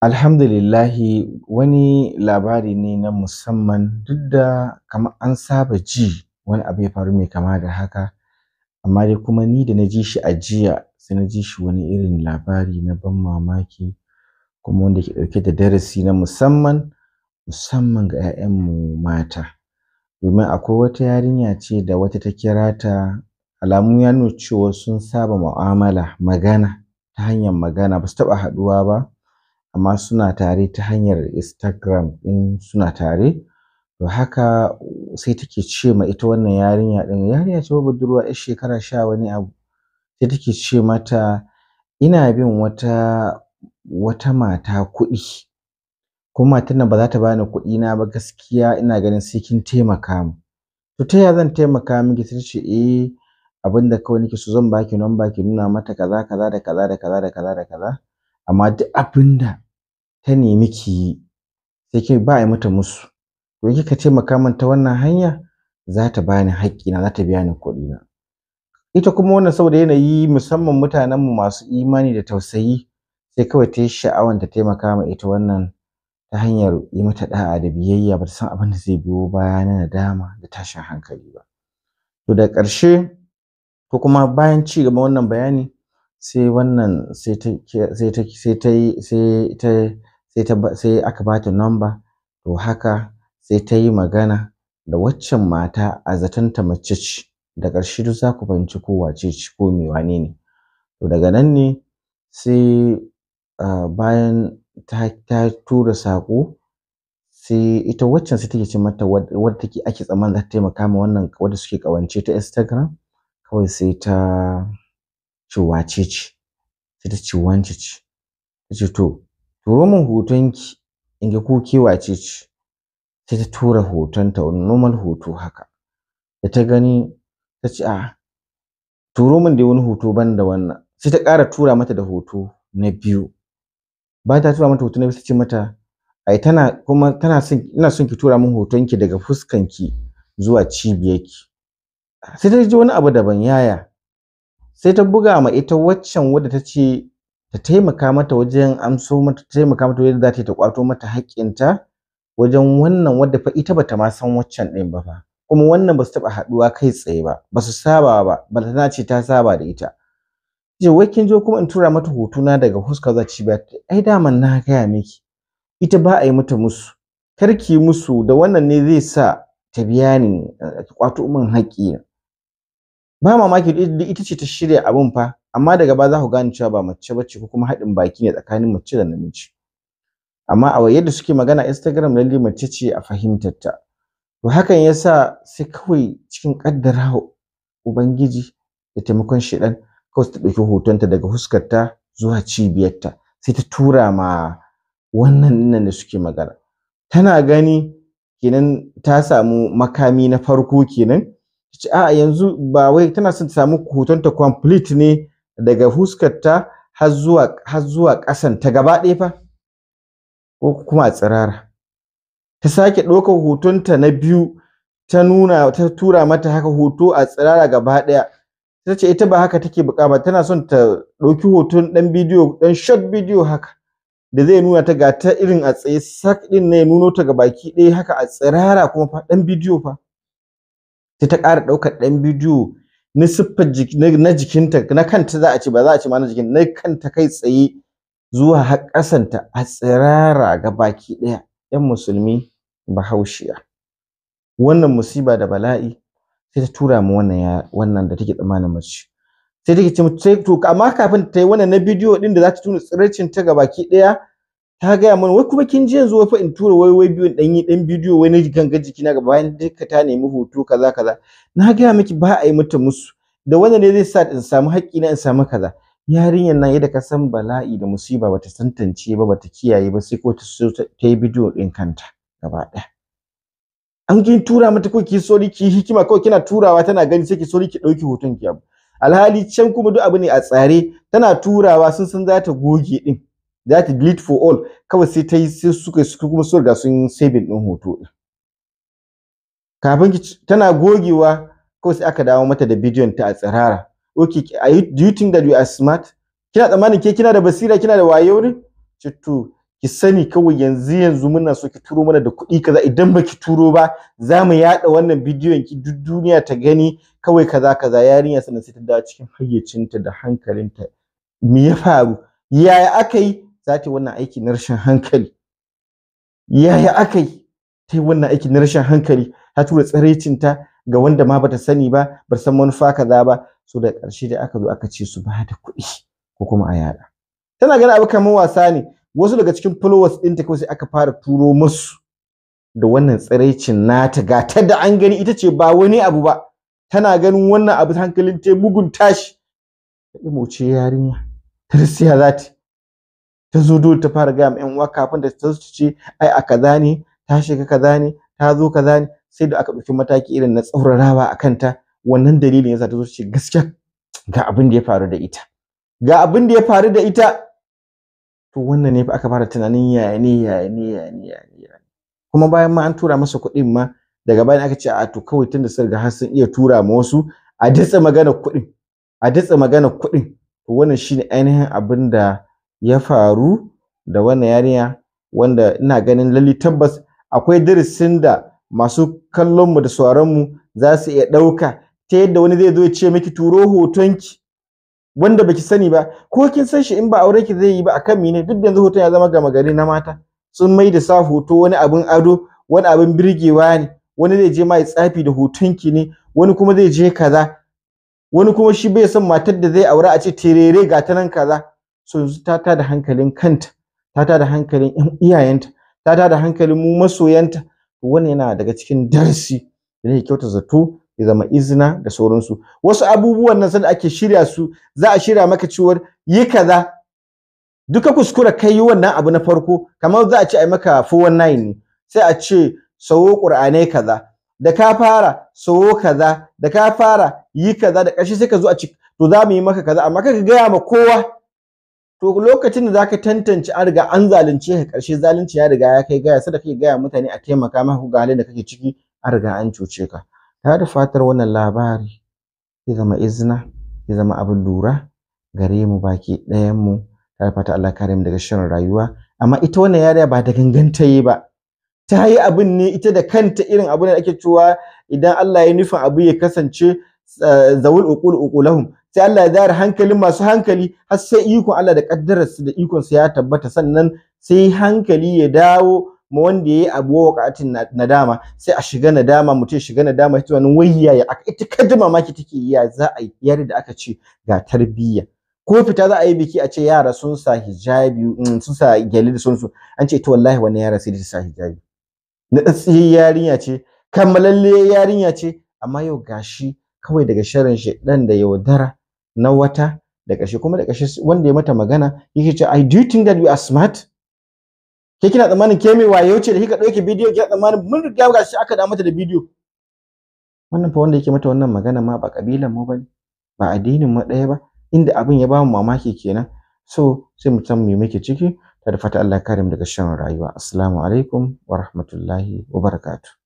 Alhamdulillahi wani labari ne na musamman duk da kamar an saba ji wani abu ya faru mai kama da haka amma dai kuma ni da na ji shi a jiya sai na ji shi wani irin labari na ban mamaki kuma wanda ke ɗauke da darasi na musamman musamman ga mu mata domin akwai wata yarinya ce da wata ta kira ta alamu ya nuna cewa sun saba mu'amala magana ta hanyar magana ba su taɓa haɗuwa ba amma suna tare ta hanyar instagram in suna tare to haka sai take ce ma ita wannan yarinya ɗin yarinya ce budurwa yar shekara sha wani abu sai take ce mata ina bin wata wata mata kuɗi kuma matar nan ba za ta bani kuɗi na ba gaskiya ina ganin sai kin taimaka mu to ta ya zan taimaka miki sai ce eh abinda kawai nake so zan baki number ki nuna mata kaza kaza da kaza da kaza da kaza da kaza amma duk abinda ta nemi ki yi sai ke ba a mata musu to kika taimaka min ta wannan hanya zata ta bani na za ta biya ni na. ita kuma wannan saboda yanayi musamman mutanen mu masu imani da tausayi sai kawai ta yi sha'awar ta taimaka ma ita wannan ta hanyar yi mata da'a da biyayya ba ta san abin da zai biyo baya na nadama da tashin hankali ba to da ƙarshe to kuma bayan ci gaba wannan bayani sai wannan sai ta sai ta sai ta sai ta sai aka bata number to haka sai ta yi magana da waccan mata a zaton ta mace ce da ƙarshe duk za ku fahimci ko wace ce ko me wane ne to daga nan ne sai bayan ta ta tura sako, sai ita waccan sai take ce mata wadda take ake tsammanin za ta taimaka ma wannan wadda suke ƙawance ta Instagram kawai sai ta ce wace ce sai ta ce wance ce ta ce to turo min hotonki in ga ko ke wace ce sai ta tura hotonta wani normal hoto haka da ta gani ta ce a ah, turo min da wani hoto ban da wannan sai ta ƙara tura mata da hoto na biyu bayan ta tura mata hoto na biyu ta ce mata ai tana kuma tana son ina son ki tura min hotonki daga fuskan ki zuwa ki sai ta ji wani abu daban yaya sai ta buga ma ita waccan wadda ta ce ta taimaka mata wajen amso mata taimaka mata wajen za ta ta kwato mata haƙƙinta wajen wannan wadda fa ita bata ma san waccan ɗin ba fa kuma wannan ba su taɓa haɗuwa kai tsaye ba ba su saba ba ba ta ce ta saba da ita je wai kin kuma in tura mata hotuna daga huska za ci ba ai daman na gaya miki ita ba a yi mata musu karki musu da wannan ne zai sa ta biya ni kwato eh, min haƙƙi ba mamaki ita ce ta shirya abin fa amma daga ba za ku gane cewa ba mace bace ko kuma haɗin baki ne tsakanin mace da namiji amma a da suke magana Instagram lalle mace ce a fahimtar ta to hakan yasa sai kawai cikin kaddara ubangiji da taimakon shedan kawai ta ɗauki hotonta daga huskar ta zuwa cibiyarta sai ta tura ma wannan nan da suke magana tana gani kenan ta samu makami na farko kenan ce a'a yanzu ba wai tana son ta samu hotonta complete ne daga ta har zuwa har zuwa ƙasan ta gaba ɗaya fa ko kuma a tsirara ta sake ɗaukar ta na biyu ta nuna ta tura mata haka hoto a tsirara gaba ɗaya ta ce ita ba haka take buƙa ba tana son ta ɗauki hoton ɗan bidiyo ɗan short bidiyo haka da zai nuna ta ga ta irin a tsaye sak ɗin ne nuno ta ga baki ɗaya haka a tsirara kuma fa ɗan bidiyo fa sai ta ƙara ɗaukar ɗan bidiyo na siffar na jikinta na kanta za a ce ba za a ce ma na jikin na kanta kai tsaye zuwa har ƙasanta a tsirara ga baki ɗaya ‘yan musulmi bahaushiya wannan musiba da bala'i sai ta tura mu wannan wannan da take tsammanin mace sai take ce to amma kafin ta yi wannan na bidiyo din da za ta tuna tsiraicin ta ga baki ɗaya ta gaya mana wai kuma kin ji yanzu wai fa in tura wai wai biyun dan yi dan bidiyo wai na ganga jiki na gaba bayan duka ta nemi hoto kaza kaza na gaya miki ba a yi mata musu da wanda ne zai sa in samu haƙƙi na in samu kaza yarinyar nan yadda ka san bala'i da musiba bata tantance ba bata kiyaye ba sai ko ta so ta yi bidiyo din kanta gaba ɗaya an kin tura mata ko ki so ki hikima ko kina turawa tana gani sai ki so ki ɗauki hoton ki alhali can kuma duk abu ne a tsare tana turawa sun san za ta goge din that bleed for all kawai sai ta yi sai suka suka kuma su riga sun saving din hoto kafin tana gogewa kawai sai aka dawo mata da bidiyon ta a tsirara okay are you, do you think that you are smart kina tsammanin ke kina da basira kina da wayo ne to ki sani kawai yanzu yanzu muna so ki turo mana da kuɗi kaza idan baki turo ba za mu yaɗa wannan bidiyon ki duk duniya ta gani kawai kaza kaza yarinya sannan sai ta dawo cikin hayyacinta da hankalinta me ya faru yaya aka yi za ta yi wannan aiki na rashin hankali yaya aka yi ta yi wannan aiki na rashin hankali ta tura tsiraicinta ga wanda ma bata sani ba ba san manufa kaza ba so da ƙarshe da aka zo aka ce su ba da kuɗi ko kuma a yada tana ganin abu kamar wasa ne wasu daga cikin followers ta kawai sai aka fara turo musu da wannan tsiraicin nata ga ta da an gani ita ce ba wani abu ba tana ganin wannan abu hankalin ta bugun tashi ta ce yarinya tarsiya za ta ta zo dole ta fara gaya ma ƴan uwa kafin da ta ce ai a kaza ne ta shiga kaza ne ta zo kaza ne sai da aka ɗauki mataki irin na tsaurarawa a kanta wannan dalilin yasa ta zo ce gaskiya ga abin da ya faru da ita ga abin da ya faru da ita to wannan ne fa aka fara tunanin yaya ne yaya ne yaya ne yaya ne kuma bayan ma an tura masa kuɗin ma daga bayan aka ce a to kawai tunda sun riga har sun iya tura ma wasu a datsa magana kuɗin a datsa magana kuɗin to wannan shine ainihin abin da ya faru da wannan yarinya wanda ina ganin lalli tabbas akwai darasin da masu kallon mu da sauraron mu za su iya ɗauka ta yadda wani zai zo ya ce miki turo hotonki wanda baki sani ba ko kin san shi in ba aure ki zai yi ba akan mine duk da yanzu hoton ya zama gama gari na mata sun mai da sa hoto wani abin ado wani abin birgewa ne wani zai je ma tsafi da hotonki ne wani kuma zai je kaza wani kuma shi bai son matar da zai aura a ce terere ga ta nan kaza so yanzu ta tada hankalin kanta ta tada hankalin iyayenta ta tada hankalin mu masoyanta wannan yana daga cikin darasi da ne kyauta zato ya zama izina da sauransu wasu abubuwan nan sanda ake shirya su za a shirya maka cewar yi kaza duka kuskura kai yi wannan abu na farko kamar za a ce a maka 419 ne sai a ce sawo qur'anai kaza da ka fara sawo kaza da ka fara yi kaza da ƙarshe sai ka zo a ci to za mu yi maka kaza amma ka gaya ma kowa to lokacin da zaka tantance an riga an zalunce ka karshe zalunci ya riga ya kai gaya sai da kake gaya mutane a taimaka maka ga da kake ciki an riga an cuce ka ta da fatar wannan labari ya zama izina ya zama abin lura gare mu baki ɗayan mu ta da fata Allah kare mu daga shirin rayuwa amma ita wannan yariya ba da ganganta yi ba ta yi abin ne ita da kanta irin abin da ake cewa idan Allah ya nufin abu ya kasance eh, zawul uqul uqulahum sai Allah ya zara hankalin masu hankali har sai ikon Allah da su da ikonsu ya tabbata sannan sai hankali ya dawo ma wanda yayi abu wa waqatin nadama sai a shiga nadama mutum shiga nadama ya wai wayya ya ita kaddama maki take ya za a yi da aka ce ga tarbiyya ko fita za a yi biki a ce yara sun sa hijabi mm, sun sa da su an ce to wallahi wannan yara sai da sa hijabi na tsatsiyar yarinya ce kammalalle yarinya ce amma yau gashi kawai daga sharin dan da yaudara na wata da ƙarshe kuma da ƙarshe wanda ya mata magana yake cewa I do think that you are smart ke kina tsammanin ke mai waye ce da kika ɗauke bidiyo kina tsammanin mun riga ga shi aka da mata da bidiyo wannan fa wanda yake mata wannan magana ma ba kabilan mu bane ba addinin mu ɗaya ba inda abin ya bamu mamaki kenan so sai mu san me muke ciki ta da fata Allah ya kare daga shan rayuwa assalamu alaikum wa rahmatullahi wa barakatuh